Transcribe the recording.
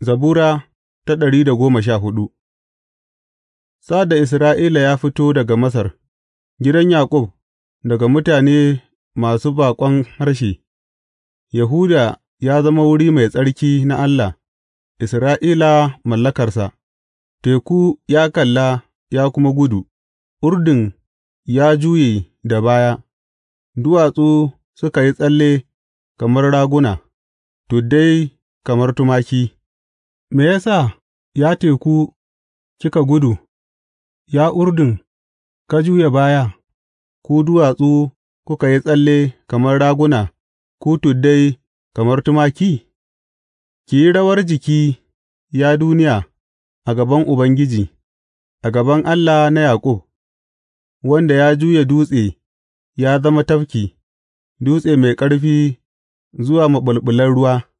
Zabura ta ɗari da goma sha hudu Sa'ad da Isra'ila ya fito daga Masar, gidan Yaƙub daga mutane masu baƙon harshe, Yahuda ya zama wuri mai tsarki na Allah, Isra'ila mallakarsa, teku ya kalla ya kuma gudu, Urdun ya juye da baya, duwatsu suka yi tsalle kamar raguna, tuddai kamar tumaki. Me ya sa, ya teku, kika gudu, ya Urdun, ka juya baya, ku duwatsu kuka yi tsalle kamar raguna, ku tuddai kamar tumaki? Ki yi rawar jiki, ya duniya, a gaban Ubangiji, a gaban Allah na Yaƙub, wanda ya juya dutse ya zama tafki, dutse mai ƙarfi zuwa maɓulɓulan ruwa.